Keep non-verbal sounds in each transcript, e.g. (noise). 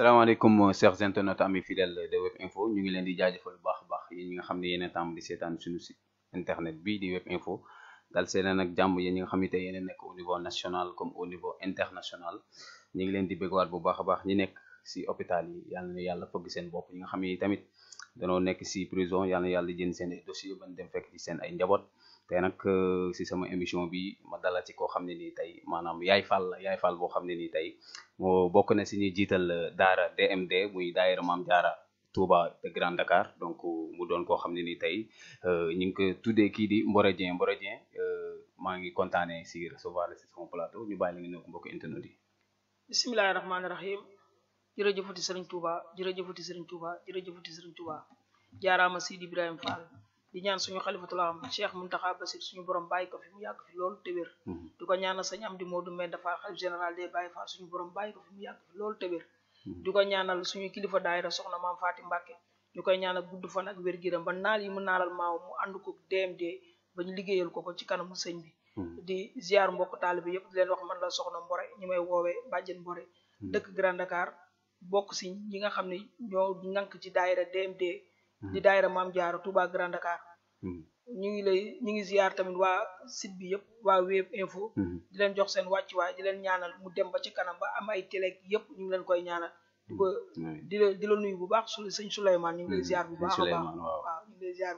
salaamaaleykum euh, chers internautes amis fidèles de web info ñu ngi leen di jaajëfal bu baax a baax yéen ñi nga xam ne yéen a tàmm di seetaan suñu site internet bii di web info dal see leen ak jàmm yéen ñi nga xam ne tey nekk au niveau national comme au niveau international ñu ngi leen di bégwaat bu baax a baax ñi nekk si hôpital yi yal na yàlla fëgg seen bopp ñi nga xam ne tamit danoo nekk si prison yal na yàlla jënd seen dossier ban dem fekk ci seen ay njaboot te nag euh, si sama émission bi ma dalal ko koo xam ne nii tey maanaam yaay Fall yaay fal boo xam ne nii tey moo bokk na si ñuy jiital euh, daara DMD muy daayira Maam Jaara Touba de Grand Dakar donc mu doon koo xam ne nii tey euh, ñu ngi ko tuddee kii di Mboro Dieng Mboro Dieng maa ngi kontaane si recevoir la si sama plateau ñu bàyyi la nga ñëw mbokk internet yi. bisimilah rahmaani rahim jërëjëfati Serigne Touba jërëjëfati Serigne Touba jërëjëfati Serigne Touba jaaraama Sidi Ibrahima Fall. di ñaan suñu xalifatul am Cheikh Mountakha suñu borom bàyyi ko fi mu yàgg mm-hmm. ko ñaanal sañ am di Modou Mbène Fall xalif général des Baye Fall suñu borom bàyyi ko fi mu yàgg fi loolu te wér mm-hmm. di ko ñaanal suñu kilifa daayira soxna maam Faati Mbàkke ñu koy ñaanal gudd fan ak wér giram ba naal yi mu naalal maaw mu ànd ko DMD ba ñu liggéeyal ko ko ci kanamu sëñ bi mm-hmm. di ziar mbokk taalibe yëpp leen wax man la soxna Mbore ñu may woowee bàjjen Mbore dëkk Grand Dakar bokk si ñi nga xam ne ñoo nank ci daayira DMD di hmm. daayira maam jaara Touba Grand Dakar. Hmm. ñu ngi lay ñu ngi ziar tamit waa site bi yëpp waa web info hmm. di leen jox seen wàccuwaay di leen ñaanal mu dem ba ci kanam ba am ay télé yëpp ñu ngi leen koy ñaanal di la di la nuyu bu baax su sëñ Souleymane ñu ngi lay ziar bu baax a baax waaw ñu ngi lay ziar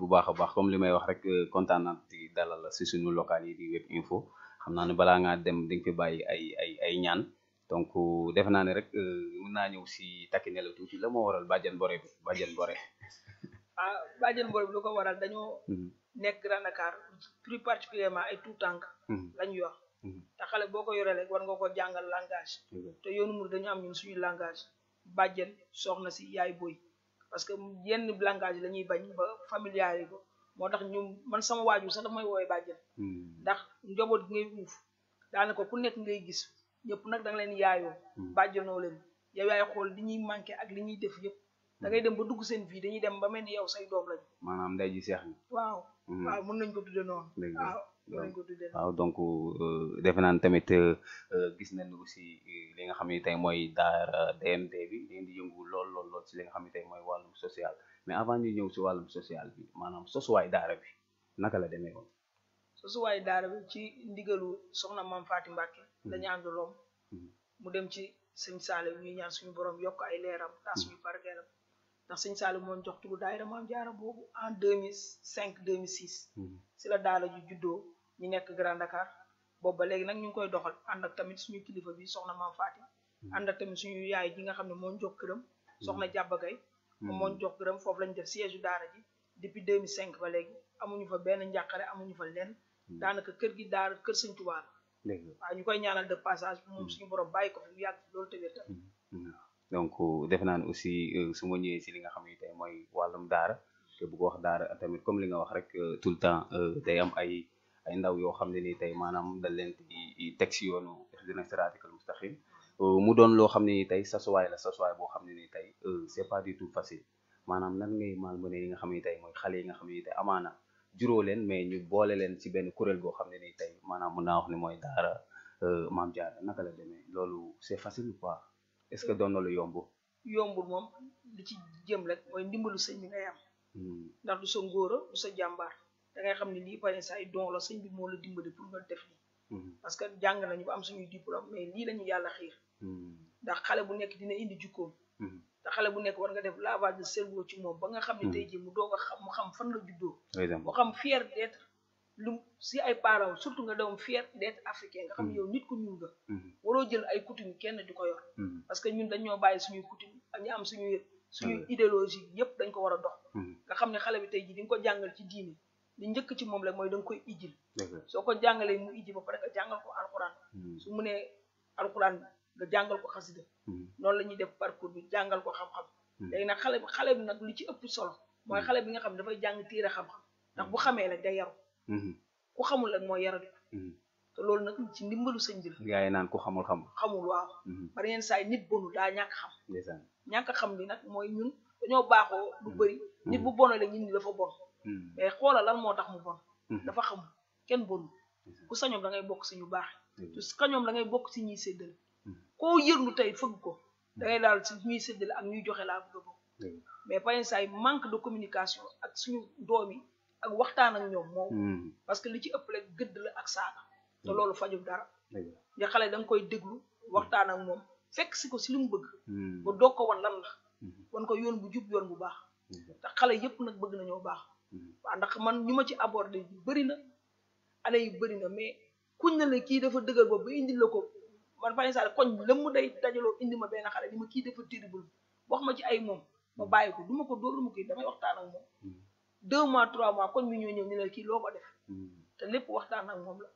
bu baax a baax comme li may wax rek euh, kontaan naa di dalal si suñu local yi di web info xam naa ne balaa ngaa dem di nga bàyyi ay ay ay ñaan donc euh, defe naa ne rek euh, mën naa ñëw si takki nelaw tuuti la moo waral bàjjan bore bi bàjjan bore (laughs) ah lu ko waral dañoo mhm. nekk Grand Dakar plus particulièrement ay tout tànk mhm. la yor mhm. te xale boo ko yoree rek war nga ko jàngal langage te yoonu mur dañu am ñu suñu langage bàjjan soxna si yaay boy parce que yenn langage la ñuy bañ ba familiar yi ko moo tax ñu man sama waajur sax daf may woowee bàjjan ndax njaboot gi ngay uuf daanaka ku nekk ngay gis yëpp nag da nga leen yaayoo hmm. bàjjanoo leen yow yaay xool li ñuy manqué ak li ñuy def yëpp da ngay dem ba dugg seen fii dañuy dem ba mel ni yow say doom lañ maanaam ndey ji seex na waaw hmm. waaw mën nañ ko tudde noonu waaw mën ko tudde waaw donc euh, defe naan tamit euh, euh, gis nañ aussi li nga xam ne tey mooy daara DMD bi ngeen lool lool li nga xam ne mooy wàllum social mais avant ñu ñëw si wàllum social bi maanaam waay daara bi naka la demee suwaay daara bi ci ndigalu soxna maam Faati Mbàkke hmm. dañu àndaloom hmm. mu dem ci sëñ Saalim ñuy ñaan suñu borom yokk ay leeram taas hmm. suñu barkeelam ndax sëñ Saalim moom jox turu daayira maam jaara boobu en 2005 2006. si la daara ju juddoo ñu nekk Grand Dakar boobu ba léegi nag ñu ngi koy doxal ànd tamit suñu kilifa bi soxna maam Faati ànd tamit suñu yaay ji nga xam ne moo jox këram soxna jàbbagay moom moo jox këram foofu lañ def siège daara ji depuis 2005 ba léegi amuñu fa benn njàqare amuñu fa lenn Hmm. daanaka kër gi daar kër sëñ Tuubaa ñu koy ñaanal de passage moom hmm. suñu borom bàyyi ko fi mu loolu tamit tamit. Hmm. donc defe naa ne aussi euh, su ma ñëwee si li nga xam ne tey mooy wàllum daara te bu wax daara tamit comme li nga wax rek euh, tout le temps euh, day am ay ay ndaw yoo xam ne ni tey maanaam dañ leen teg si yoonu ihdina siraatal mustaqiim mu doon loo xam ne ni tey sasuwaay la sasuwaay boo xam ne ni tey c'est pas du tout facile maanaam nan ngay mën a nga xam ne tey mooy xale yi nga xam ne ni tey amaana. juróo leen mais ñu boole leen ci benn kuréel goo xam ne ni tey maanaam mën naa wax ne mooy daara euh, maam Diarra naka la demee loolu c'est facile ou est-ce que doon na yombu yomb. moom li ci jëm rek mooy ndimbalu sëñ bi ngay am. su hmm. du sa ngóora jàmbaar da ngay xam ne lii par exemple ay don sëñ moo la dimbali pour nga def hmm. jàng nañu ba am suñuy diplôme mais lii lañu yàlla xiir. Hmm. ndax xale bu nekk dina indi jukkoom. te xale bu nekk war nga def lavage de cerveau ci moom ba nga xam ne hmm. tey ji mu doog a xam mu xam fan la juddoo mu xam fier d'être lu si ay parents surtout nga doom fier d'être africain nga xam ne hmm. yow nit ku ñuul nga hmm. waroo jël ay coutume kenn di ko yor parce que ñun dañoo bàyyi suñuy coutume ak ñu am suñuy suñuy idéologie yépp dañ ko war a dox nga xam ne xale bi tey jii di nga ko jàngal ci diine li njëkk ci mom la mooy da nga koy ijil soo ko jàngalee mu ijil ba pare nga jàngal ko alxuraan su mu nee alxuraan nga jàngal ko xasida hmm. noonu la ñuy def parcours bi jàngal ko xam-xam hmm. léegi nag xale bi xale bi nag lu ci ëpp solo mooy hmm. xale bi nga xam ne dafay jàng téere xam ndax bu xamee la day yaru ku xamul rek mooy yaru te loolu nag ci ndimbalu sëñ bi la gaa naan ku xamul xamul xamul waaw bari yenn saa yi nit bonul daa ñàkk xam ñàkk xam bi nag mooy ñun dañoo baaxoo du bëri nit bu bonale ñun dafa bon mais xoolal lan moo tax mu bon dafa xamul kenn bonul ku sañoom da ngay bokk si ñu baax te kañoom da ngay bokk si ñuy séddale koo yërlu tey fëgg ko hmm. da daal si ñuy séddale ak ñuy joxe laa bëgg a bokk mais parents yi manque de communication ak suñu doom yi ak waxtaan ak ñoom moom hmm. parce que li ci ëpp rek gëdd la ak saaga te hmm. loolu fajul dara nga xale da nga koy déglu waxtaan ak moom fekk si ko si lu mu bëgg ba doog ko wan lan la wan ko yoon bu jub yoon bu baax te xale yépp nag bëgg nañoo baax waaw ndax man ñu ma ci abordé bëri na année yu bëri na mais kuñ na kii dafa dëgër boobu ba la ko man Fane Sall koñ bi mu day dajaloo indi ma benn xale ni ma kii dafa terrible wax ma ci ay moom ma mm. bàyyi ko du ma ko dóor du ma ko damay waxtaan ak moom mm. deux mois trois mois koñ mi ñoo ñëw ni la kii loo ko def mm. te lépp waxtaan ak moom la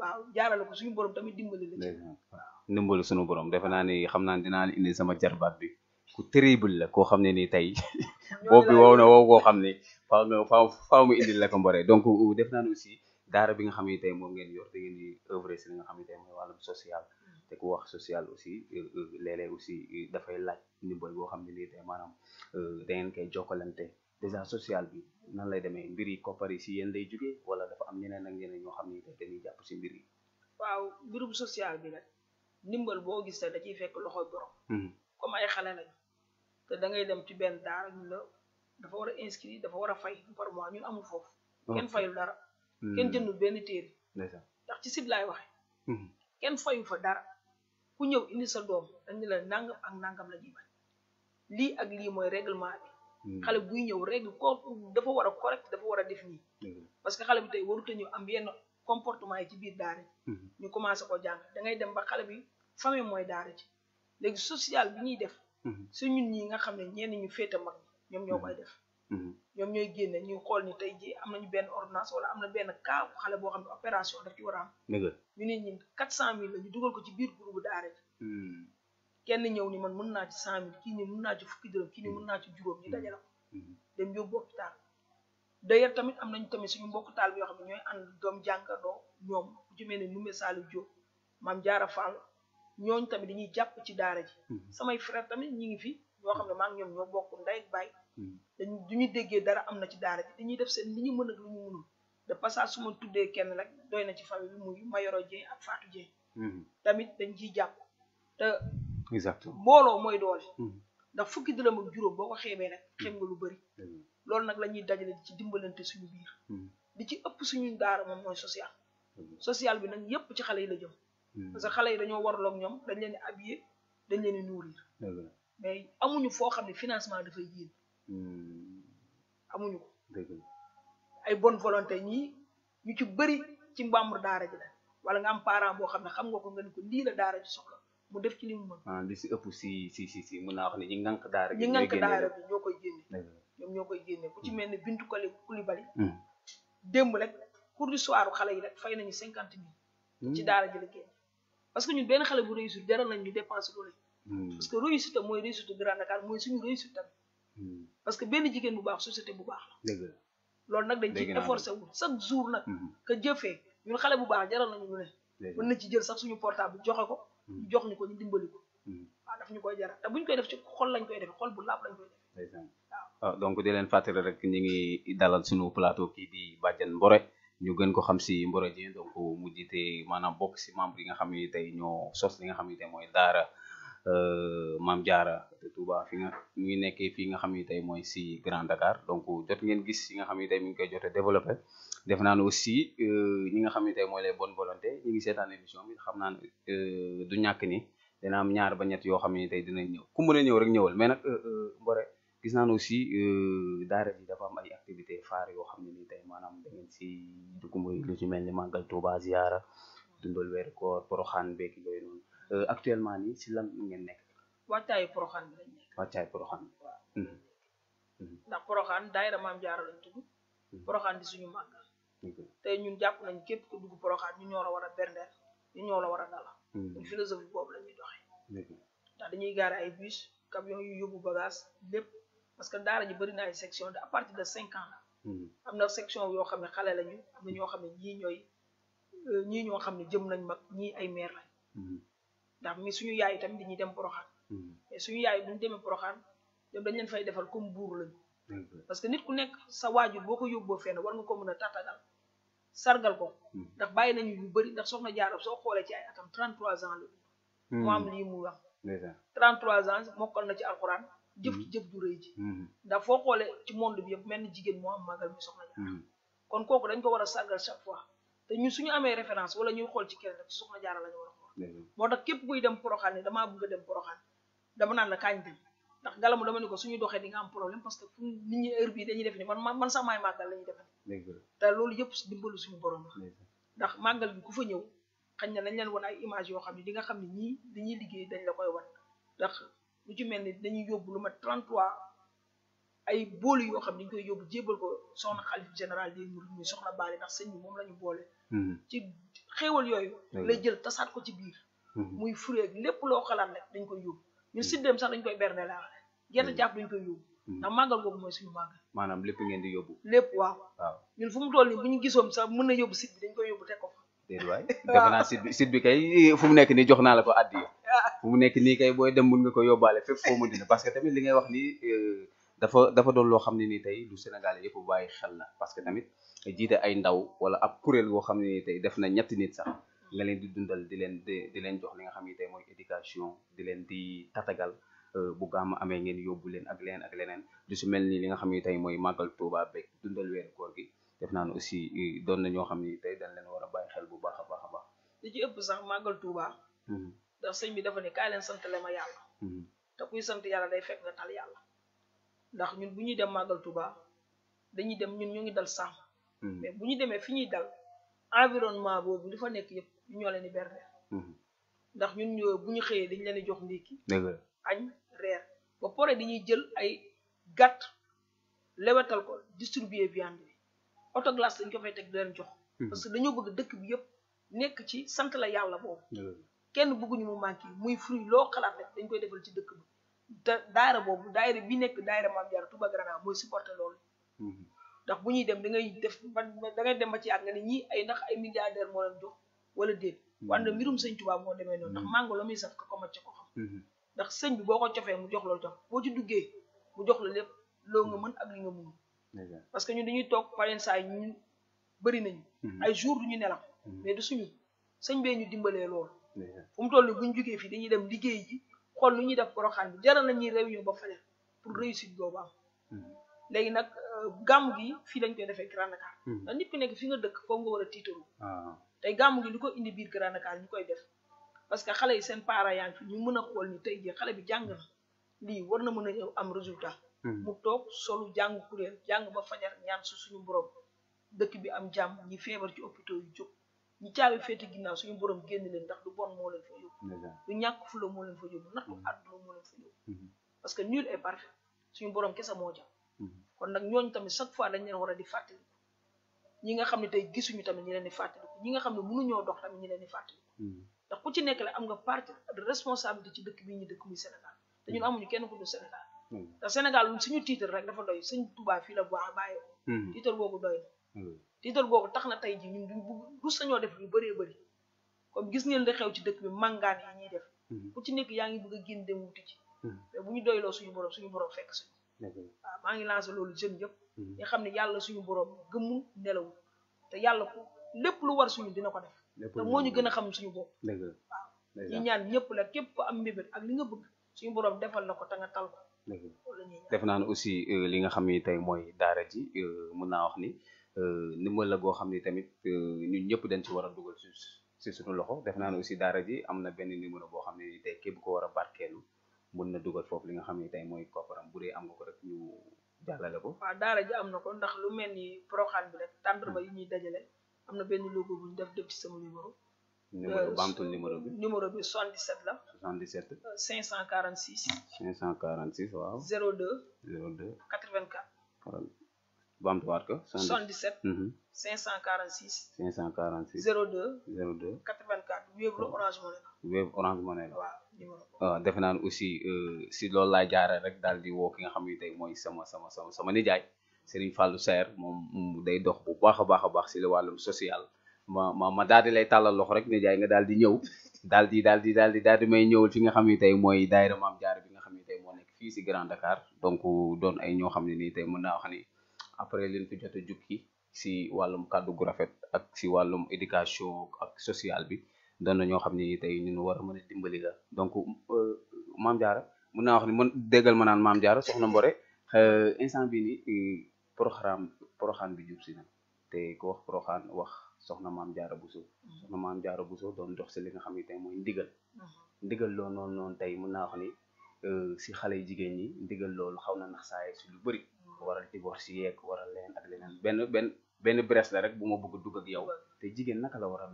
waaw jaarale ko suñu borom tamit dimbali la ci borom defe naa ni xam naa ne dinaa indi sama jarbaat bi ku terrible la koo xam ne ni tey (laughs) boobu bi wow na wow koo xam ne faaw faaw faaw mu indil la ko mboree donc def naa ne aussi daara bi nga xam ne moom ngeen yor da ngeen di œuvre si li nga xam ne tey social mm. te ku wax social aussi euh, euh, léeg aussi euh, dafay laaj ndimbal boo xam ne nii tey maanaam da ngeen koy jokkalante déjà social bi nan lay demee mbir yi koppar si yéen lay jugee wala am ñeneen ak ñeneen ñoo xam ne te dañuy jàpp si mbir yi. waaw mbirum social bi nag ndimbal boo gis da ciy fekk loxo borom. Mm-hmm. comme ay xale lañu te da ngay dem ci benn daara ñu la dafa war a inscrit dafa war a fay par amul foofu. kenn fayul dara. kenn hmm. jëndul benn téere ndax ci site laay waxe hmm. kenn fayu fa dara ku ñëw indi sa doom dañu la nangam ak nangam la ñuy lii ak lii mooy règlement bi hmm. xale buy ñëw règle ko dafa war a correct dafa war a def nii parce que xale bi tey warut a ñëw am yenn comportement yi ci biir daara ñu commencé ko jàng da ngay dem ba xale bi famille mooy daara ci léegi social bi ñuy def si ñun ñi nga xam ne ñenn ñu féete mag ñoom ñoo koy def Mm-hmm. ñoom ñooy génnee ñu xool ni tey jii am nañu benn ordonnance wala am na benn cas xale boo xam ne opération daf ci war a am. ñu ne ñun quatre cent mille la ñu dugal ko ci biir groupe daara mm-hmm. kenn ñëw ni man mën naa ci cent mille kii ni mën naa ci fukki dërëm kii ni mun naa ci juróom ñu dajale ko. Mm-hmm. dem yóbbu hôpital. d'ailleurs tamit am nañu tamit suñu mbokk taal bi yoo xam ne ñooy ànd doom jàngandoo ñoom ku ci mel ne Numbe Saliou Diop maam Diarra Fall ñooñu tamit dañuy jàpp ci daara ji. samay frère tamit ñi ngi fi ñoo xam ne maa ñoom ñoo bokk da ak baay dañ hmm. du ñu déggee dara am na ci daara ji dañuy def seen li ñu mën ak lu ñu mënul de passage su ma tuddee kenn rek doy na ci famille bi muy Mayoro Dieng ak Fatou Dieng hmm. tamit dañ ciy jàpp te mbooloo mooy doole hmm. fukki dërëm ak juróom boo ko rek xeeb lu bëri loolu nag la ñuy dajale ci dimbalante suñu biir di ci ëpp suñu daara moom mooy social social bi nag yëpp ci xale yi la jëm parce que xale yi dañoo warloog ñoom dañ leen di habillé dañ leen di nourrir mais amuñu foo xam ne financement dafay yéen hmm. amuñu ko ay bonne volonté ñii ñu ci bëri ci mbàmbur daara ji la wala nga am parent boo xam ne xam nga ko nga ne ko lii la daara ji soxla mu def ci li mu mën ah li si ëpp si si si si mën naa wax ne ñi ngànk daara ñi ñoo koy génne ñoom ñoo koy génne ku ci hmm. mel ne Bintu Kali Kulibali hmm. démb rek cours du soir xale yi rek fay nañu cinquante mille ci daara ji la génn parce que ñun benn xale bu réussir jaral nañ ñu dépense lu Hmm. parce que réussite am mooy réussite Grand Dakar mooy suñu réussite am. Hmm. parce que benn jigéen bu baax société bu baax la. dëgg loolu nag dañ ci efforcé wu chaque jour nag. Hmm. jëfee ñun xale bu baax jaral nañu lu mën na ci jël sax suñu portable joxe ko. jox ñu ko ñu dimbali ko. waaw ah, daf ñu koy jaral te buñ koy def ci xol lañ koy def xol bu laab lañ koy defee. waaw ah, donc di leen fàttali rek ñu ngi dalal suñu plateau kii di Badiane Mbore. ñu gën ko xam si Mboro Dieng donc mu jiite maanaam bokk si membre yi nga xam ne tey ñoo sos li nga xam ne mooy daara Euh, Maam Jaara Touba fi nga mi ngi nekke fii nga xam ni tey mooy si Grand Dakar donc jot ngeen gis yi nga xam ni mi ngi koy jot a développé def naa ne aussi euh, ñi nga xam ni tey mooy les bonnes volontés ñi ngi seetaan émission bi xam naa euh, du ñàkk ni dina am ñaar ba ñett yoo xam ni tey dinañ ñëw ku mën a ñëw rek ñëwal mais nag Mbore gis naa ne aussi daara ji dafa am ay activité far yoo xam ne ni tey maanaam da ngeen si dugg muy lu ci mel ni màggal Touba ziara dundal weeru koor poroxaan beeg yooyu Euh, actuellement nii si la ngeen ne wàccaayu poroxaan bi lañ nekk. wàccaayu poroxaan bi waaw. Mhm. Mhm. ndax poroxaan daayira maam jaara lañ tudd. Mhm. di suñu màggal. tey ñun jàpp nañ képp ku dugg poroxaan ñu ñoo la war a berndeel ñu ñoo la war a nala. ñun philosophie boobu la ñuy ndax dañuy gaare ay bus camion yu yóbbu bagage lépp parce que daara ji bëri na ay section de à partir de cinq ans am na section yoo xam ne xale lañu ñoo xam ne ñii ñooy euh, ñii ñoo xam ne jëm nañ mag ñii ay maire lañ. ndax mi suñu yaay itam dañuy dem poroxaan hmm. mais suñu yaay duñ demee poroxaan ñoom dañ leen fay defal comme buur lañu parce que nit ku nekk sa waajur boo ko yóbboo fenn war nga ko mën a tàttagal sargal ko hmm. ndax bàyyi nañu lu bëri ndax soxna Jaara soo xoolee ci ay atam 33 ans la hmm. mu mu wax 33 ans mokkal na ci alxuraan jëf ci jëf ju rëy ji ndax foo xoolee ci monde bi yëpp mel ni jigéen moo am magal mi soxna Jaara kon kooku dañ ko war a sargal chaque fois te ñun suñu amee référence wala ñuy xool ci kenn rek soxna Jaara la ñu moo tax képp kuy dem poroxaan ne damaa bëgg a dem poroxaan dama naan la kaañ dem ndax galamu dama ne ko suñu doxee dinga nga am problème parce que fu nit ñi heure bii dañuy def ni man man sax maay màggal la ñuy def ni te loolu yëpp dimbalu suñu borom na ndax màggal bi ku fa ñëw xañ na lañ leen wan ay image yoo xam ne di nga xam ne ñii li ñuy liggéey dañ la koy wan ndax lu ci mel ni dañuy yóbbu lu ma 33 ay boolu yoo xam dañ koy yóbbu jébal ko soxna xalif général di mu muy soxna baale ndax sëñ moom lañu ñu boole mhm. ci xéewal yooyu lay jël tasaat ko ci biir mhm. muy fureeg lépp loo xalaat rek dañ koy yóbbu ñun mhm. siddeem sax dañ koy berne laa gerte jàpp dañ koy yóbbu ndax màggal googu mooy suñu màggal maanaam lépp ngeen di yóbbu lépp waa ñun fu mu toll nii bu ñu gisoon sax mën na yóbbu sit bi dañ koy yóbbu teg ko fa déet waay (laughs) defe sit bi kay fu mu nekk nii jox naa la ko addi (laughs) fu mu nekk nii kay booy dem mun nga ko yóbbaale fépp foo mën dina parce que li ngay wax nii euh, dafa dafa doon loo xam ne nii tey du Sénégal yëpp bàyyi xel na parce que tamit a jiite ay ndaw wala ab kuréel goo xam ne tey def na ñetti nit sax nga leen di dundal di leen di leen jox li nga xam ne tey mooy éducation di leen di tatagal euh, bu gàmm amee ngeen yóbbu leen ak leneen ak leneen du si mel ni li nga xam ne tey mooy màggal Tuubaa beeg dundal weeru koor gi def naa ne aussi euh, don na ñoo xam ne tey dañ leen war a bàyyi xel bu baax a baax a baax. li ci ëpp sax màggal Tuubaa. Mhm. ndax sëñ bi dafa ne kaay leen sant le ma yàlla. Mhm. te kuy sant yàlla day fekk nga tal yàlla. ndax ñun bu ñuy dem màggal Touba dañuy dem ñun ñu ngi dal sàmm. Hmm. mais bu ñu demee fi ñuy dal environnement boobu li fa nekk yëpp ñoo leen di bernde. Hmm. ndax ñun bu ñu xëyee dañ leen di jox ndékki. dëgg añ reer ba pare dañuy jël ay gàtt lewetal ko distribuer viande bi autoglace dañ ko fay teg leen jox. Hmm. parce que dañoo bëgg dëkk bi yëpp nekk ci sant la yàlla boobu. kenn bëgguñu mu manqué muy fruit loo xalaat dañ koy defal ci dëkk bi. te daayira boobu daayira bi nekk daayira tu Jaara Touba Granada mooy supporter loolu mhm. ndax bu ñuy dem da ngay def ba da dem ba ci àgg nga ne ñii ay nax ay milliardaire moo leen jox wala déet mhm. wante mbirum sëñ Touba moo demee noonu ndax mangoo mhm. la muy saf ko ko macc ko xam ndax sëñ bi boo ko cofee mu jox loolu tam boo ci duggee mu jox la lépp loo nga mën ak li nga mën parce que ñu dañuy toog pareen saa yi ñun bëri nañu ay jour du ñu nelaw mais du suñu sëñ bee ñu dimbalee loolu fu mu toll bu jugee fii dañuy dem liggéey ji xool lu ñuy def poroxaan bi jaral na ñuy réunion ba feneen pour réussite boobu am hmm. léegi nag euh, gàmm gi fii lañ koy defee Grand Dakar hmm. ndax nit nekk fi nga dëkk foofu nga a tiitaru ah. tey gàmm gi li ko indi biir Grand Dakar ñu koy def parce que xale yi seen parents yaa fi ñu mën a xool ni tey jii xale bi jàng na lii war na mën a ñëw am résultat hmm. mu toog solu jàng kuréel jàng ba fajar ñaan suñu borom dëkk bi am jàmm ñi feebar ci hôpitaux yu jóg ñi caabi féete ginnaaw suñu borom génn leen ndax du bon moo leen fay du ñàkk fula moo leen fa yóbbu nattu mm-hmm. àdduna moo leen mm-hmm. parce que nul est parfait suñu borom kese moo jam mm-hmm. kon nag ñooñ tamit chaque fois dañ leen war a di fàttaliku ñi nga xam ne tey gisuñu tamit ñi leen di fàttaliku ñi nga xam ne mënuñoo dox tamit ñi leen di fàttaliku ndax ku ci nekk la am ga partie de di ci dëkk bii ñu dëkk muy Sénégal te ñun amuñu kenn ko dul Sénégal ndax Sénégal suñu titre rek dafa doy sëñ tubaa fii la baax baay ko titre boobu doy na titre boobu tax na tey ji ñu duñ bugg rus nañoo def lu bëree bëri comme gis ngeen da xew ci dëkk bi màngaan yi ñuy def hmm. ku ci nekk yaa ngi bëgg a génn dem wuti ci hmm. bu ñu doyloo suñu borom suñu borom fekk suñu waaw maa ngi lancé hmm. nga xam ne yàlla suñu borom gëmul nelawul te yàlla ku lépp lu war suñu dina ko def te moo ñu gën a xam suñu bopp waaw ñu ñaan ñëpp la képp ku am mbébét ak li nga bëgg suñu borom defal na ko te nga tal def naa ne aussi euh, li nga xam ni tey mooy daara ji euh, mën naa wax ni euh, ndimbal la goo xam ni tamit ñu ñëpp dañ ci war a dugal si suñu loxo def naa ne aussi daara ji am na benn numéro boo xam ne ni tey képp ko war a barkeelu mun na dugal foofu li nga xam ne tey mooy kopparam bu dee am nga ko rek ñu jàllale ko. waaw daara ji am na ko ndax lu mel ni proxaan bi rek tàndarma yi ñuy dajale am na benn logo bu ñu def def ci sama numéro. numéro euh, baamtul numéro bi. numéro bi 77 la. 77. 546. 546 waaw. 02. 02. 84. bamtuwaat ko. 77. 546. 546. 02. 02. 84 Wave la Orange Money la. Wave Orange Money la. waaw numéro boobu. Ah, defe naa ne aussi euh, si loolu laay jaaree rek daal di woo ki nga xam ne tey mooy sama sama sama sama nijaay Serigne Fallou Saer moom day dox bu baax a baax a baax si la wàllum social ma ma ma daal di lay tàllal loxo rek nijaay nga daal di ñëw (laughs) daal di daal di daal di daal di may ñëwal fi nga xam ne tey mooy daayira maam jaar bi nga xam ne tey moo nekk fii si Grand Dakar donc doon ay ñoo xam ne nii tey mën naa wax ni. après liñ fi jot a jukki si wàllum kàddu gu rafet ak si wàllum éducation ak sociale bi doon na ñoo xam ne tey ñun war a mën dimbali la donc euh, maam jaara mun naa wax ni man déggal ma naan maam jaara soxna Mbore euh, instant bi ni euh, programme bi jub si na te ku wax programme wax soxna maam jaara Bousso mm-hmm. soxna maam jaara Bousso doon dox si li nga xam ne tey mooy ndigal mm-hmm. ndigal loolu noonu noonu tey mun naa wax ni si xale jigéen ñi ndigal loolu xaw na nax saaye si lu bëri waral divorce yeeg waral leneen ak leneen benn benn benn brèche la rek bu ma bëgg dugg ak yow te jigéen naka la war a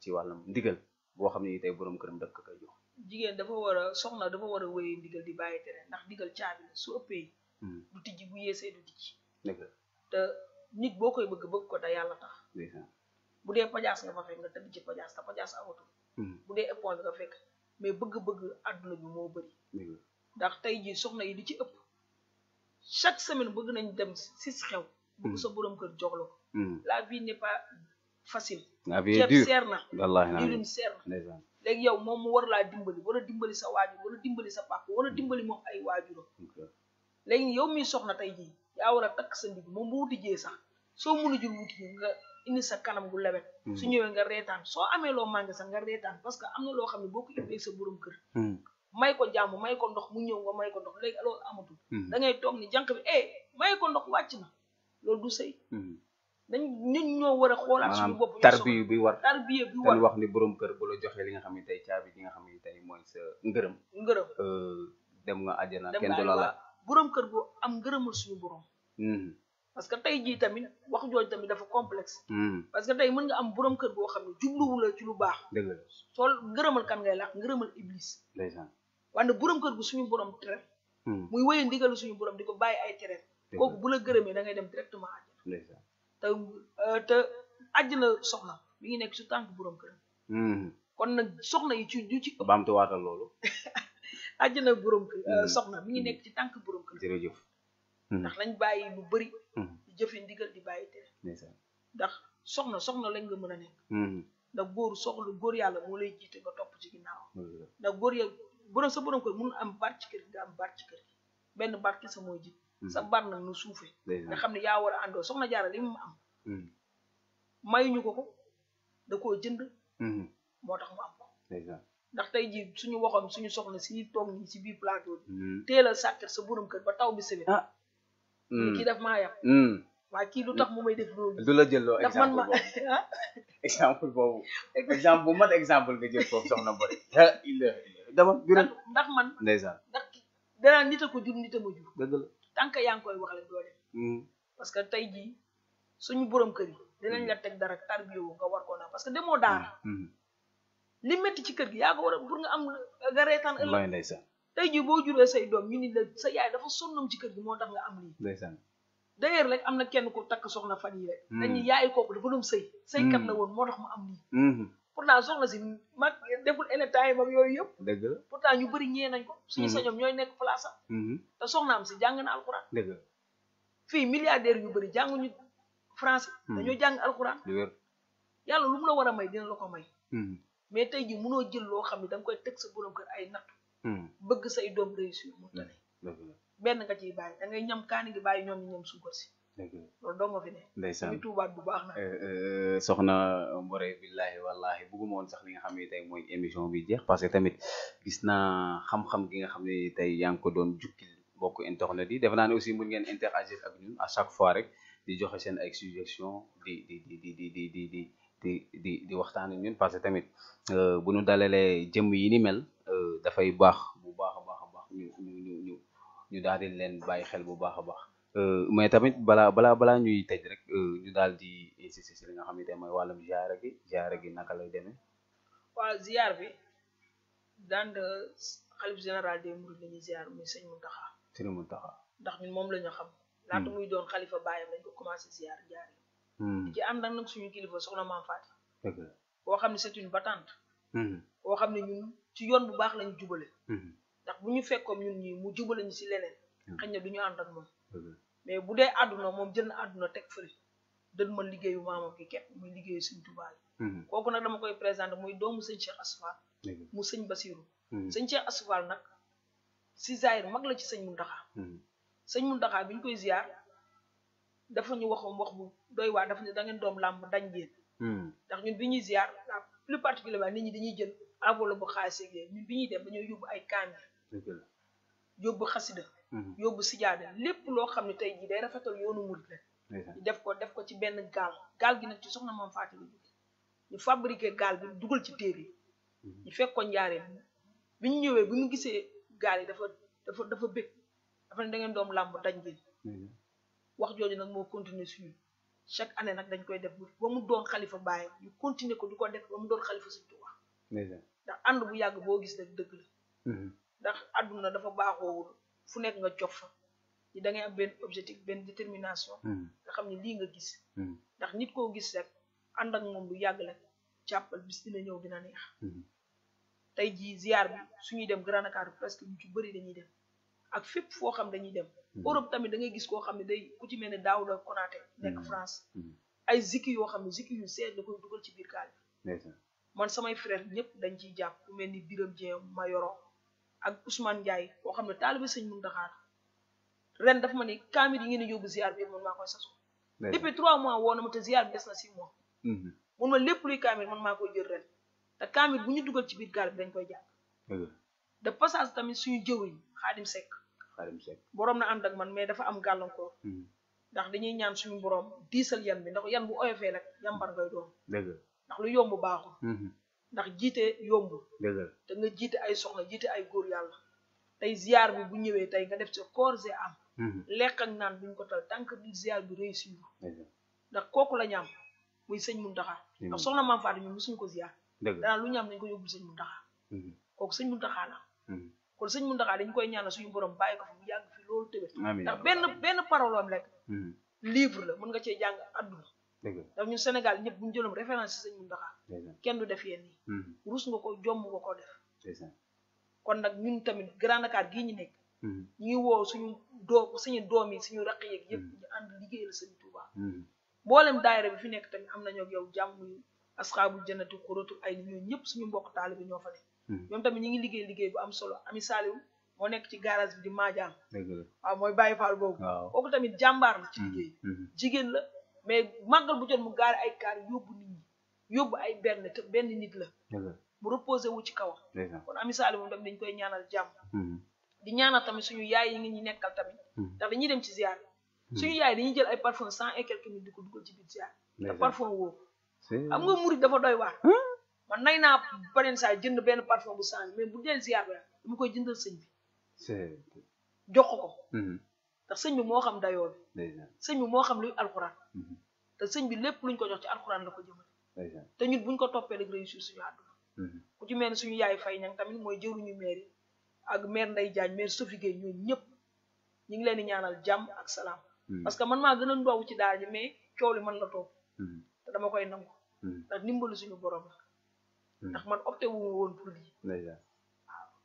ci wàllum ndigal boo xam ne tey borom këram dëkk koy jox. jigéen dafa war soxna dafa war a wéyee ndigal di bàyyi tere ndax ndigal caabi la su ëppee. Hmm. du tijji bu yeesee du tijji. dëgg te nit boo koy bëgg bëgg ko te yàlla tax. bu dee pajaas nga fa fekk nga tëdd ci pajaas te pajaas amatul. Hmm. bu dee éponge nga fekk mais bëgg-bëgg àdduna bi moo bëri. ndax tey jii soxna yi di ci ëpp. chaque semaine bëgg nañ dem si xew. bëgg mm. sa borom kër jox la ko. Mm. la vie n'est pas facile. la vie est seer na. léegi yow moom mu war laa dimbali war a dimbali sa waajur war a dimbali sa papa war a mm. dimbali moom ay waajuram. léegi yow mi soxna tey jii yaa war a takk sa ndig moom bu wuti jee sax soo mënu jul wuti ji nga indi sa kanam gu lewet su ñëwee nga reetaan soo amee loo mànge sax nga reetaan parce que am na loo xam ne boo ko indee sa borom kër. may ko jàmm may ko ndox mu ñëw nga may ko ndox léegi loolu amatul. Hmm. da ngay toog ni jànq bi eh ko ndox wàcc na loolu du sëy. Hmm. dañ nit ñoo war a xoolaat suñu bopp ñu tarbiyu bi war tarbiyu bi war wax ni borom kër bu la joxee li nga xam ne tey caabi ji nga xam ne tey mooy ngërëm. ngërëm euh, dem nga àjjana kenn du la la borom kër boo am ngërëmal suñu borom. Hmm. parce que tey jii tamit wax jooju tamit dafa complexe. parce que tey mën nga am borom kër boo xam ne jubluwu a ci lu baax. dëgg la soo ngërëmal kan ngay laax ngërëmal iblis. ndeysaan wante borom kër gu suñu borom tere hmm. muy wéy ndigalu suñu borom di ko bàyyi ay tere ko bu la gërëmee dangay ngay dem directement àjjana te euh, te àjjana soxna mi ngi nekk su tànk borom hmm. kon nag soxna yi ci du ci baamtu waatal loolu (laughs) àjjana borom euh, hmm. soxna mi ngi nekk ci tànk borom kër ndax lañ bàyyi lu bëri di jëfe ndigal di bàyyi tere ndax soxna soxna lañ nga mën a nekk ndax góor soxla góor yàlla moo lay jiite nga topp ci ginnaaw ndax góor yàlla borom sa borom kër mun am baat ci kër gi nga am kër benn baat ki sa mooy ji hmm. sa baat nag nu suufee nga xam ne yaa war a àndoo soxna jaara li mu am hmm. mayuñu ko ko da koo jënd hmm. moo tax mu am ko ndax tey ji suñu waxoon suñu soxna si toog nii biir plateau teel a sàkkat sa borom kër ba taw bi sëwet ah ni kii daf maa yàq waaye kii lu tax mu may def loolu du la jëlloo exemple (laughs) ah. exemple boobu exemple bu mat exemple nga jël foofu soxna bari dama jural ndax man ndeysaan ndax nit a ko jur nit a ma jur dëgg tant que yaa ngi koy wax la doo hmm. parce que tey jii suñu borom kër yi dinañ la teg dara tarbiyo woo ka war ko na parce que demoo daara hmm, hmm. li métti ci kër gi yaa ko war a pour nga am nga reetaan ëllëg ndeysaan tey jii boo juree say doom ñu ni la sa yaay dafa sonnam ci kër gi moo tax nga am lii ndeysaan d'ailleurs rek am na kenn ku takk soxna fan yi rek dañuy yaay kooku dafa doon sëy sëykat la woon moo tax mu am pourtant soxna si mag deful ene time ak yooyu yëpp. dëgg la pourtant ñu bëri ñee nañ ko. Mhm. suñu ñoom ñooy nekk place am. Mhm. te soxnaam si jàng na alxuraan. dëgg la fii milliardaires yu bëri jànguñu français. Mhm. dañoo jàng alxuraan. yàlla lu mu la war a may dina la ko may. mais tey jii munoo jël loo xam ne da nga koy teg sa borom ay nattu. bëgg say doom réussir mu tane. benn nga ciy bàyyi da ngay ñam kaani gi bàyyi ñoom ñi si. loolu doo nga fi ne. ndeysaan bu baax na. soxna Mbore billahi wallahi bugguma sax li nga xam ne tey mooy émission bi jeex parce que tamit gis naa xam-xam gi nga xam ne tey yaa ko doon jukkil mbokk internet di defe naa ne aussi mun ngeen interagir ak ñun à chaque fois rek di joxe seen ay suggestion di di di di di di di di waxtaan ak ñun parce que tamit bu ñu dalalee jëmm yi ni mel dafay baax bu baax a baax a baax ñu ñu ñu daal di leen bàyyi xel bu baax a baax. Euh, mais tamit balaa balaa balaa ñuy tëj rek euh, ñu daal di insisté si li nga xam ne mooy wàllum ziyaara gi ziyaara gi naka lay demee. waaw ziyaar bi daan xalif général des mourides la ñuy ziyaar muy sëñ Muntaxa. ndax ñun moom la xam. Hmm. laata muy doon xalifa baayam lañ ko commencé ziyaar jaar yi. Hmm. ci ànd nag suñu kilifa soxna maam Faati. dëgg la xam ne c'est une battante. boo hmm. xam ne ñun ci yoon bu baax lañu jubale. ndax bu ñu fekkoon ñun ñi mu jubale ñu si leneen. xëy na du ñu ànd ak mais bu dee àdduna moom jël na àdduna teg fële dën ma liggéeyu maamam ki képp muy liggéeyu sëñ Tuubaa yi mhm. kooku nag dama koy présenté muy doomu sëñ Cheikh Asfal mu sëñ Basiru mhm. sëñ Cheikh Asfal nag si zaahir mag la ci sëñ Muntaxa mhm. sëñ Muntaxa bi ñu koy ziar dafa ñu waxoon wax bu doy waa dafa ne da ngeen doom làmb dañ yéen ndax ñu bi ñuy ziar la plus particulièrement nit ñi dañuy jël enveloppe bu xaalis yeeg ñun bi ñuy dem dañoo yóbbu ay kaamil yóbbu xasida Mhm. yóbbu sijaade lépp loo xam ne tey jii day rafetal yoonu murit la def ko def ko ci benn gaal gaal gi nag ci soxna moom Faati la ñu fabriqué gaal bi dugal ci téere mhm. ñu fekk ko njaareen bi ñu ñëwee bi mu gisee gaal yi dafa dafa dafa bëgg dafa ne da ngeen doom làmb daj ngeen wax jooju nag moo continuer suñu chaque année nag dañ koy def ba mu doon xalifa baay ñu continuer ko di ko def ba mu doon xalifa Sëñ Tuubaa ndax ànd bu yàgg boo gis nag dëgg la mhm. ndax àdduna fu nekk nga jox fa ci da ngay am benn objectif benn détermination hmm. nga xam ne lii nga gis hmm. ndax nit koo gis rek ànd ak moom lu yàgg la jàppal bis dina ñëw dina neex hmm. tey jii ziar bi suñuy dem Grand Dakar presque ñu ci bari dañuy dem ak fépp foo xam dañuy dem Europe tamit da ngay gis koo xam ne day ku ci mel ne Daouda Konaté nekk France ay zikki yoo xam ne zikki yu seet da koy dugal ci biir kaal bi man samay frère ñëpp dañ ciy jàpp ku mel ni Biram Dieng Mayoro ak Ousmane Ndiaye boo xam ne taalibe sëñ Muntaxa ren dafa ma ne kaamil yi ngeen di yóbbu ziar bi yëpp man maa koy sasoo depuis trois mois woo na ma te ziar bi des na six mois mhm. mun ma lépp luy kaamil man maa koy jël ren te kaamil bu ñu dugal ci biir gaal bi dañ koy jàng de passage tamit suñu jëwriñ Xaadim Seck Xaadim Seck na ànd ak man mais dafa am gàllankoor mhm. ndax dañuy ñaan suñu boroom diisal yan bi ndax yan bu oyofee rek yambar ngay doon ndax lu yomb baaxul mhm. ndax jiite yombul te nga jiite ay soxna jiite ay góor yàlla tey ziar bi bu ñëwee tey nga def sa corps et âme mhm. lekk ak naan buñ ko tal tant que bi ziar bi réussir ndax kooku la ñaam muy sëñ Muntaxa ndax soxna maam Fatou ñun mosuñu ko ziar danaa lu ñaam nañ ko yóbbul sëñ Muntaxa mhm. kooku sëñ Muntaxa la mhm. kon sëñ Muntaxa dañ koy ñaanal suñu borom bàyyi ko fi mu yàgg fi loolu tëbét ndax benn benn parole am rek livre la mën nga cee jàng àdduna dëgg la ñun Sénégal ñëpp bu ñu jëloon référence ci sëñ Mountakha kenn du def yéen nii hmm. rus nga ko jomm nga koo def kon nag ñun tamit Grand Dakar gii ñu nekk hmm. ñuy woo suñu doom suñu doom yi suñu raq yeeg yëpp hmm. ñu ànd liggéeyal sëñ Touba bi fi nekk tamit am nañoo ak yow jàmm yu bu jannati xuratul ay ni ñoo ñëpp suñu mbokk taalibi ñoo fa ne ñoom tamit ñu ngi liggéey liggéey bu am solo ami Saliou moo nekk ci garage bi di maajaam waaw mooy Baye Fall boobu kooku tamit jàmbaar la ci liggéey jigéen la mais màggal bu jot mu gaari ay kaar yóbbu nit ñi yóbbu ay benn te benn nit la. mu reposé wu ci kawam. kon Ami Sall moom tamit dañ koy ñaanal jàmm. Mm-hmm. di ñaanal tamit suñu yaay yi nga ñu nekkal tamit. Mm-hmm. ndax dañuy dem ci ziar. Mm-hmm. suñu yaay dañuy jël ay parfum cent et di ko ci biir ziar. te parfum woo. am nga murit dafa doy waar. man nay naa beneen saa jënd benn parfum bu cent mais bu dee ziar bi la dama koy jëndal señ bi. jox ko. ndax sëñ bi moo xam dayoo bi sëñ bi moo xam luy alxuraan mhm. te sëñ bi lépp luñ ko jox ci alxuraan la ko jëmale te ñun buñ ko toppee rek réussir suñu àdduna mhm. ku ci mel ni suñu yaay fay ñang tamit mooy jëruñu maire yi ak maire Ndeye Diagne maire Sophie Gueye ñëpp ñu ngi leen di ñaanal jàmm ak salaam mhm. parce que man maa gën a ndaw ci daal ji mais coow li man la toog te dama koy nangu ndax dimbalu suñu borom ndax man opté wu woon pour lii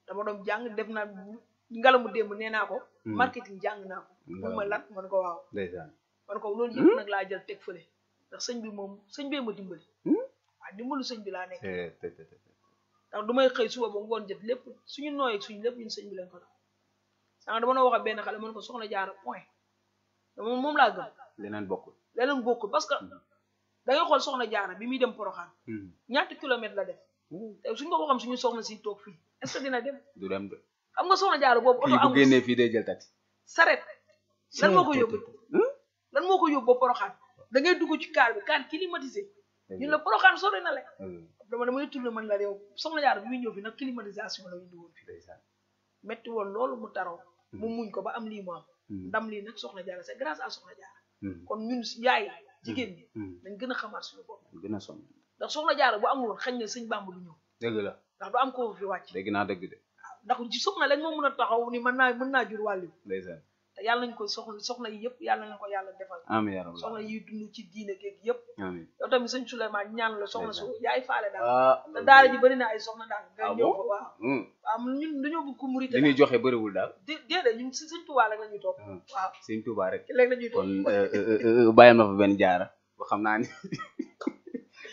dama doon jàng def naa ngalamu démb nee naa ko. Hmm. marketing jàng naa ko. mun hmm. ma lan ko waaw. ndeysaan man ko loolu yëpp hmm? nag laa jël teg fële ndax sëñ bi moom sëñ bee ma dimbali. waaw dimbalu sëñ bi laa nekk. Eh, ndax du may xëy suba ba ngoon jot lépp suñu nooyee suñ lépp ñun sëñ bi lañ ko doon. sànq dama doon wax ak benn xale ma ko soxna jaara point moom moom laa gëm. leneen bokkul leneen bokkul parce que. da ngay xool soxna jaara bi muy dem Porokhane. ñaata kilomètre la def. te suñ ko waxam suñu soxna si toog fii est dina dem. am nga soxna jaaro boobu. oto amul kii bu fii day jël taxi. saret lan moo ko yóbbu lan moo ko yóbbu ba Porokhane da ngay dugg ci kaar bi kaan climatisé ñu la Porokhane sori na le. dama damay man la yow soxna jaaro bu muy ñëw fi nag climatisation la ñu duggoon loolu mu taroo mu muñ ko ba am lii mu am. ndam lii nag soxna jaara c'est grâce à soxna jaara kon ñun yaay jigéen ñi dañ gën a xamaat suñu bopp gën a sonn ndax soxna jaara bu amul woon na sëñ bàmb du ñëw dëgg la ndax du am ko fi wàcc dégg naa dëgg de ndax soxna lañ moo mën a taxaw ni man naa mën naa jur wàllu ndeysaan te yàlla nañ ko soxla soxna yi yëpp yàlla nañ ko yàlla defal amiin yaa rabbi soxna ci diine géeg yëpp amiin yow tamit sëñ Souleymane ñaan la soxna su yaay faale daal te ah, daara ji bëri na ay soxna daal nga ah ñëw fa waaw hmm. waaw ñun dañoo bëgg ku murite joxe bariwul daal dé déedéet ñun si sëñ Touba rek la ñuy toog hmm. waaw sëñ Touba rek léegi la ñuy toog kon na euh, euh, euh, fa benn jaara ba xam naa ni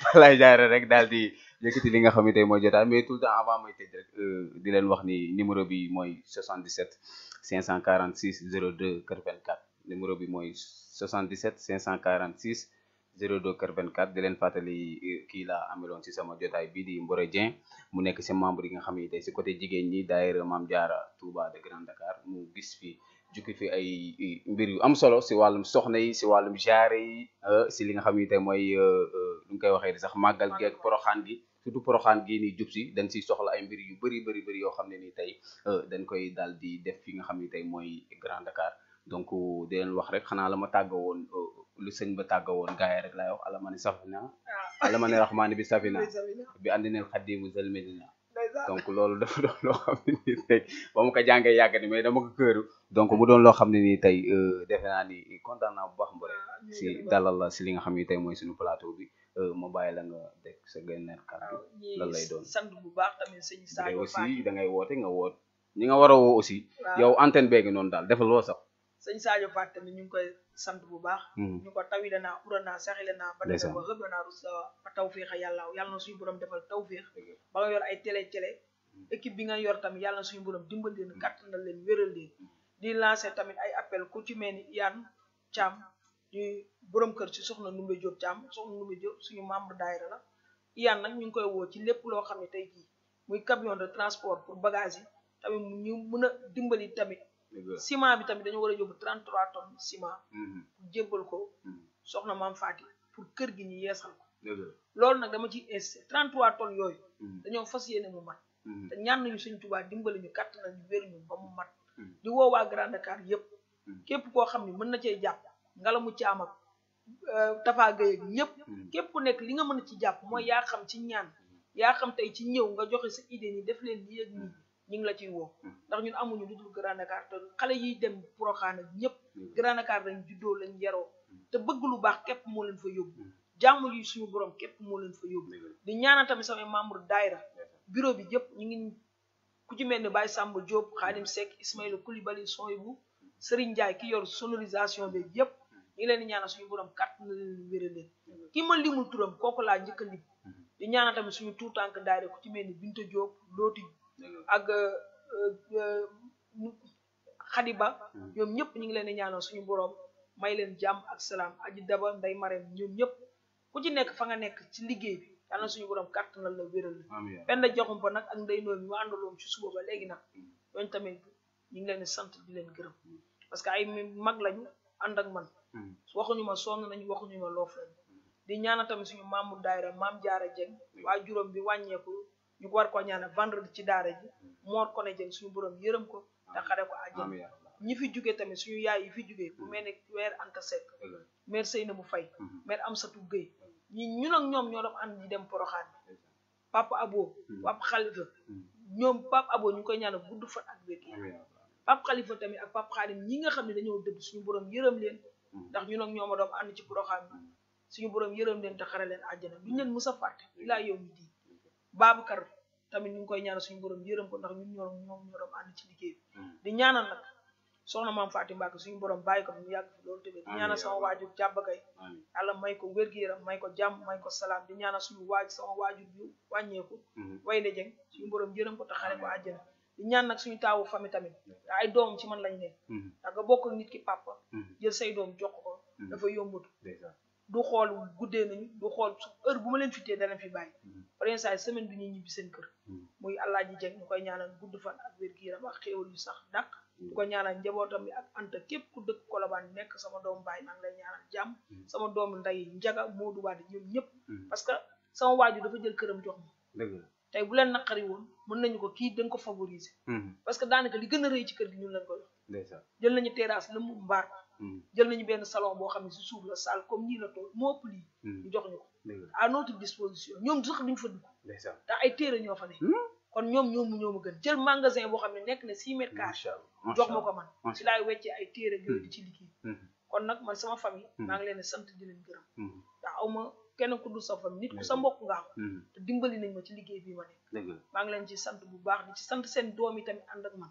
balay (laughs) jaara rek daal di yëkkati li nga xam ne tey mooy jotaay mais tout le temps avant may tëj rek euh, di leen wax ni numéro bi mooy 77 546 02 84 numéro bi mooy 77 546 02 84 di leen fàttali euh, kii laa ameloon ci sama jotaay bii di Mboro Dieng mu nekk si membre yi nga xam ne tey ci côté jigéen ñi daayira Maam Jaara Touba de Grand Dakar mu gis fii jukki fi ay mbir yu am solo si wàllum soxna yi si wàllum jaare yi euh, si li nga xam ne tey mooy lu euh, euh, ñu koy waxee di sax màggal geeg poroxaan gi surtout poroxaan gi ni jub si dañ siy soxla ay mbir yu bëri bari bëri yoo xam ne ni tey dañ koy daal di def fi nga xam ne tey mooy Grand Dakar donc di leen wax rek xanaa la ma tàgga woon lu sëñ ba tàgga woon gars yi rek laay wax alamani safina ah. alamani rahmaani bi safina (laughs) bi andineel xaddimu zalmedina donc loolu dafa doon loo xam ne nii tey ba ma ko jàngee yàgg ni mais dama ko këru donc mu doon loo xam ne nii tey euh, defe naa ni kontaan naa bu baax mbëre ah, si dalal la si li nga xam ne tey mooy suñu plateau bi euh, ma bàyyi la nga def sa gànnaar kàddu lan lay doon sant bu baax tamit sëñ Sadio aussi da ngay woote nga woot ñi nga war a aussi yow antenne beegi noonu daal defal loo sax sëñ Sadio Ba tamit ñu ngi koy sant bu baax. Hmm. ñu ko tawila naa ura naa saxila naa. ba dëgg ba rëbb naa rus uh, ba tawféex yàlla yàlla na suñu borom defal tawféex. ba nga yor ay télé télé. Hmm. équipe bi nga yor tamit yàlla na suñu borom dimbali leen kàttanal leen wéral leen. Hmm. di lancé tamit ay appel ku ci mel ni Yann Thiam di borom kër si soxna Ndoumbé Diop Thiam soxna Ndoumbé suñu membre daayira la. Yann nag ñu ngi koy woo ci lépp loo xam ne tey jii muy camion de transport pour bagage yi tamit ñu mën a dimbali tamit. ciment bi tamit dañoo war a yóbbu 33 tonnes ciment. Mhm. pour jébbal ko. Mhm. soxna maam Faati pour kër gi ñu yeesal ko. loolu nag dama ciy insisté 33 tonnes yooyu. Mhm. dañoo fas yéene mu mat. te ñaan nañu suñ Tuubaa dimbali ñu kàtt nañu wér ñu ba mu mat. di woo waa Grand yépp képp koo xam ne mën na cee jàpp ngala mu caam ak euh, Tafa Gueye ak ñëpp. képp ku nekk li nga mën a ci jàpp mooy yaa xam ci ñaan yaa xam tey ci ñëw nga joxe sa idée ni def leen lii ak nii ñu ngi la ciy woo hmm. ndax ñun amuñu lu dul Grand Dakar te xale yiy dem Porokhane ak ñëpp hmm. Grand Dakar lañ juddoo lañ yaroo hmm. te bëgg lu baax képp moo leen fa yóbbu jàmm yi suñu borom képp moo leen fa yóbbu di ñaanal tamit samay membre daayra bureau bi yëpp ñu ngi ku ci mel ni Baye Samba Diop Khadim Seck Ismaïla Koulibaly Soybu Serigne Ndiaye ki yor sonorisation bi yëpp ñu ngi leen di ñaanal suñu borom kat na leen wéral ki man limul turam kooku laa njëkk a lim di ñaanal tamit suñu tuutànk ci mel ni Binta Diop ak xadiba euh, euh, ñoom ñëpp ñu ngi leen di ñaanal suñu boroom may leen jàmm ak salaam aji daba nday mareem ñoom ñëpp ku ci nekk fa nga nekk ci liggéey bi yàlla suñu suñu boroom kàttanal la wéral la benn joxum ba nag ak nday noor mi ma àndaloon ci suba ba léegi nag ñooñu tamit ñu ngi leen sant di leen gërëm parce que ay mag lañu ànd ak man mm. waxuñu ma sonn nañu waxuñu ma loof lañu di ñaanal tamit suñu maamu daayira maam jaara jeng waa juróom bi wàññeeku ñu war ko ñaanal vendredi ci daara ji moor ko ne jël suñu borom yërëm ko te xare ko àjjana ñi fi jugee tamit suñu yaay yi fi jugee ku mel ne weer Anta Seck maire Seynabou Faye maire mhm. Amsatou Gueye ñi ñun ak ñoom ñoo doon ànd di dem Porokhane Papa Abo mhm. Papa Khalifa mhm. ñoom Papa Abo ñu koy ñaanal gudd fan ak wér Papa Khalifa tamit ak Papa ñi nga xam ne dañoo dëdd suñu borom yërëm leen ndax ñun ak ñoom a doon ci Porokhane suñu borom yërëm leen te xare leen àjjana duñ leen mës a fàtte ilaa mi di Babacar tamit ñu ngi koy ñaanal suñu borom yërëm ko ndax ñun ñoom ñoom ñoo doon ànd ci liggéey hmm. di ñaanal nag soxna maam Fatim Mbacke suñu borom bàyyi ko mu yàgg fi loolu tamit di ñaanal sama waajur jàbbakay yàlla may ko wér-gu-yaram may ko jàmm may ko salaam di ñaana suñu waaj sama waajur yu wàññeeku hmm. way de jëng suñu borom yërëm ko te xare ko àjjana di ñaan suñu taawu famille tamit hmm. ay doom ci man lañ ne da nga bokk nit ki papa jël say doom jox ko dafa yombut du xool guddee nañu du xool su heure bu ma leen fittee dana fi bàyyi mm-hmm. par saa semaine bi ñuy ñibbi seen kër mm-hmm. muy allah ji jeg ñu koy ñaanal gudd fan ak wér gi yaram ak xéewal yu sax dàq mm-hmm. du ko ñaanal njabootam bi ak anta képp ku dëkk kolobaan nekk sama doom baay maa ngi lay sama doomu nday njaga moodu waade ñoom ñëpp parce que sama waaju dafa jël këram jox ma te bu leen naqari woon mën nañu ko kii dañ ko favoriser parce que daanaka li gën a rëy ci kër gi ñun lañ ko jox jël nañu terrasse la mbaar Hmm. jël nañu benn salon boo xam ne si suuf la salle comme nii la toog moo ëpp lii. Hmm. ñu jox ñu ko. à notre disposition ñoom sax duñ fa dugg. ay téere ñoo fa ne. Hmm? kon ñoom ñoom ñoo ma gën jël magasin boo xam ne nekk na 6 mètres carrés. jox ma ko man si laay weccee ay téere yooyu di ci liggéey. kon nag man sama famille. maa ngi leen di sant di leen gërëm. ndax aw kenn ku du sa nit ku sa mbokk nga ko mm-hmm. te dimbali nañ ma ci liggéey bii ma nekk maa ngi leen ci sant bu baax di ci sant seen doom yi tamit ànd ak man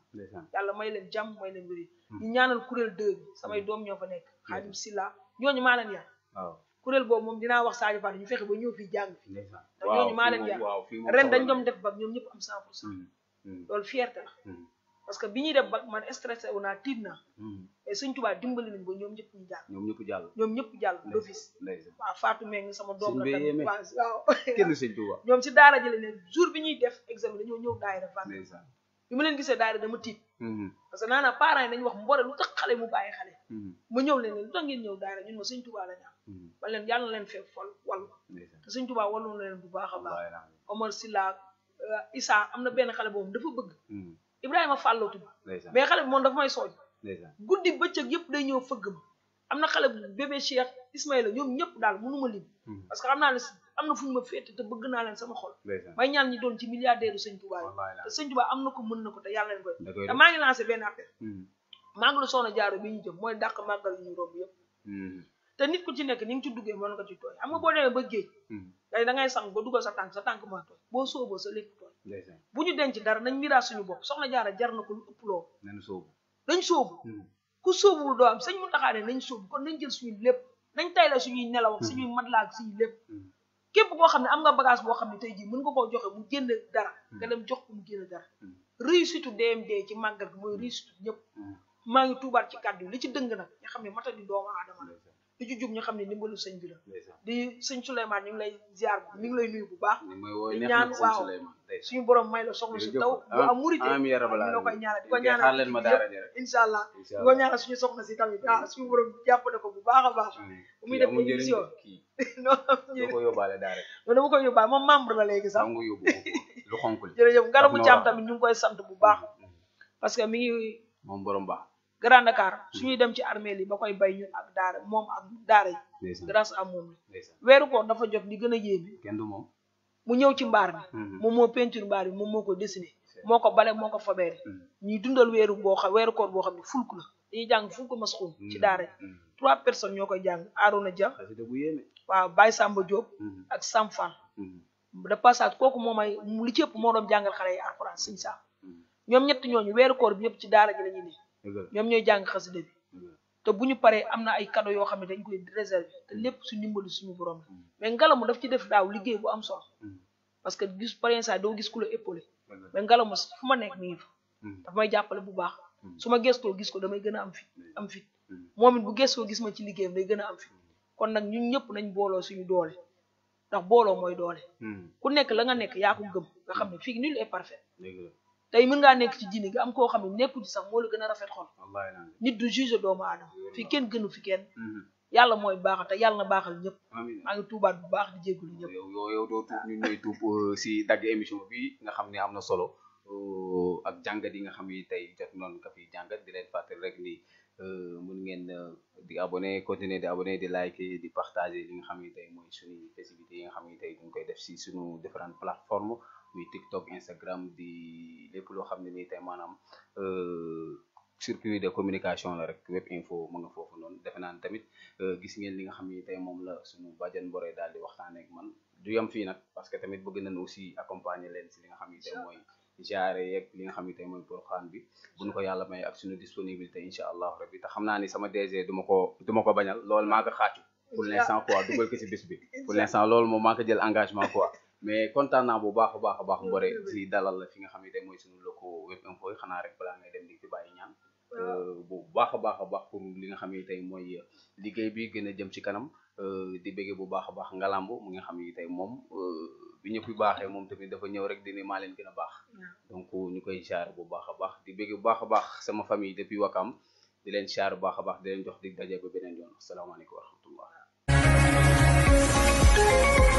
yàlla may leen jàmm may leen wéri mm-hmm. ñu ñaanal kuréel deux bi samay doom ñoo fa nekk Xaadim Silla ñooñu maa leen yar kuréel boobu moom dinaa wax Sadio Fall ñu fexe ba ñëw fii jàng fi ndax ñooñu maa leen yar ren dañ doon def ba ñoom ñëpp am cent pour cent mm-hmm. loolu la parce que bi ñuy def ba man stressé wu naa tiit naa. mais hmm. suñ tubaab dimbali nañu ba ñoom ñëpp ñu jàll. ñoom ñëpp jàll ñoom ñëpp jàll. d'office waaw Fatou Meng sama doom la tamit (laughs) ñëw daayira vacances. bi ma leen gisee daayira dama tiit. Hmm. parce que naanaa parents yi wax mbore lu tax xale mu bàyyi xale. Hmm. ma ñëw leen lu tax ngeen ñëw daayira ñun ma suñ tubaab lañ am. ma leen yàlla leen fekk fol wàllu. te suñ tubaab wàllu na leen bu baax a baax Omar Silla euh, Issa am na benn xale boobu dafa bëgg Ibrahima Fall la mais xale bi moom dafa may sooj ba bëccëg yëpp day ñëw fëgg ma am na xale bu bébé Cheikh Ismaïla ñoom ñëpp daal mënu ma lim hmm. parce que xam naa ne am na fu ñu ma féete te bëgg naa leen sama xol may ñaan ñi doon ci milliardaire u sëñ Touba yi te sëñ Touba am na ko mën na ko te yàlla leen koy te maa ngi lancé benn appel màggalu hmm. Soxna Jaara bi ñu jëm mooy dàq màggal yu ñu hmm. te nit ku ci nekk ni nga ci duggee mën nga ci tooy xam nga boo ba géej day da ngay sang ba dugal sa tànk sa tànk maa boo sóoboo sa lépp bu ñu denc dara nañ miraas suñu bopp soxna jaar jar na ko lu ëpp loolu nañ sóobu nañ sóobu hmm. ku sóobuwul doo am sëñ Muntaxa ne nañ sóobu kon nañ jël suñu lépp nañ tay suñu nelaw suñu hmm. suñuy laa ak lépp hmm. képp koo xam ne am nga bagage boo xam ne tey jii mën nga koo joxe mu génn dara nga dem jox ko mu génn dara réussite DMD ci màggal gi mooy réussite ñëpp maa ngi tuubaat ci kàddu li ci dëng nag ña xam ne matali doomu aadama di ci jub ñu xam ne ndimbalu sëñ bi la di sëñ Souleymane ñu ngi lay ziar mi ngi lay nuyu bu baax di ñaan waaw suñu borom may la soxna su taw a am murite ñu la koy ñaanal di ko ñaanal incha allah di ko ñaanal suñu soxna si tamit ah suñu borom jàppale ko bu baax a baax bu muy def émission (laughs) noonu dama koy yóbbaale moom membre la léegi sax jërëjëf ngarabu caam tamit ñu ngi koy sant bu baax mm, mm, mm. parce que mi ngi moom borom baax Grand Dakar su ñuy dem ci armeel yi ba koy bay ñun ak daara moom ak daara yi grâce à moom la weeru koor dafa jot li gën a yéeme kenn moom mu ñëw ci mbaar bi mm-hmm. moom moo peinture mbaar bi moom moo ko dessiné moo ko bale moo ko fabeere mm-hmm. ñuy dundal weeru boo xam weeru koor boo xam ne fulk la dañuy jàng fulk masxuum ci mm-hmm. daara trois personnes ñoo koy jàng Arouna Dia waaw Baye Samba Diop ak Sam Fall de passage kooku moom ay li ci ëpp moo doon jàngal xale yi alxuraan siñ saam ñoom ñett ñooñu weeru koor bi ñëpp ci daara ñoom ñooy jàng xasida bi te bu ñu paree am na ay cadeau yoo xam ne dañ koy réserver te lépp su ndimbalu suñu borom la mm. mais ngalamu daf ci def daaw liggéey bu am solo mm. parce que gis pareen saa doo gis ku la épaulé mais ngalamu fu ma nekk mi ngi mm. jàppale bu baax su ma gestoo gis ko damay gën a am fit am fit moom it bu gestoo gis ma ci liggéey day gën a am fit kon nag ñu ñëpp nañ booloo suñu doole ndax booloo mooy doole ku nekk la nga nekk yaa ko gëm nga xam ne fii nul est parfait tey mën ngaa nekk ci diine gi am koo xam ne nekku di sax moo la gën a rafet xol nit du juge doomu aadama fii kenn gënu fi kenn mhm. yàlla mooy baaxal te yàlla na baaxal ñëpp maa tubaat bu baax di jégalu ñëpp yow yow doo tuub ñun ñooy euh, si dagg émission bi nga xam ne am na solo euh, ak jàngat yi nga xam ni tey jot noonu ka fi jàngat fàttali rek ni euh, mën ngeen di abonné continuer di abonné di like di partager nga xam ni tey mooy suñu festivité yi nga xam ni tey duñ koy def si suñu différentes plateformes muy TikTok Instagram di lépp loo xam ne nii tey maanaam euh, circuit de communication la rek web info mu nga foofu noonu defe naa tamit euh, gis ngeen li nga xam ni tey moom la suñu bàjjan Mboré daal di waxtaanee ak man du yam fii nag parce que tamit bëgg nañ aussi accompagner leen si li nga xam ni tey mooy jaare yeeg nga xam ni tey mooy programme bi buñu ko yàlla may ak suñu disponibilité incha allahu rabbi te xam naa ni sama DG duma ko ko bañal loolu maa ko xaacu pour l'instant quoi dugal ko si bis bi (laughs) pour l'instant loolu moom maa ko jël engagement quoi mais kontaan bu baax a baax a baax Mbore si dalal la fi nga xam ne mooy sunu loko web xanaa rek balaa ngay dem di fi bàyyi euh, bu baax a baax a baax pour li nga xam ne tey mooy liggéey bi gën a jëm ci kanam euh, di bëgge bu baax a baax ngalamb mu nga xam ne tey moom bu ñu fi baaxee moom tamit dafa ñëw rek dine maa leen gën a baax donc ñu koy siyaar bu baax a baax di bëgge bu baax a baax sama famille depuis Wakam di leen siyaar bu baax a baax di leen jox di dajee ba beneen yoon asalaamaaleykum wa rahmatullah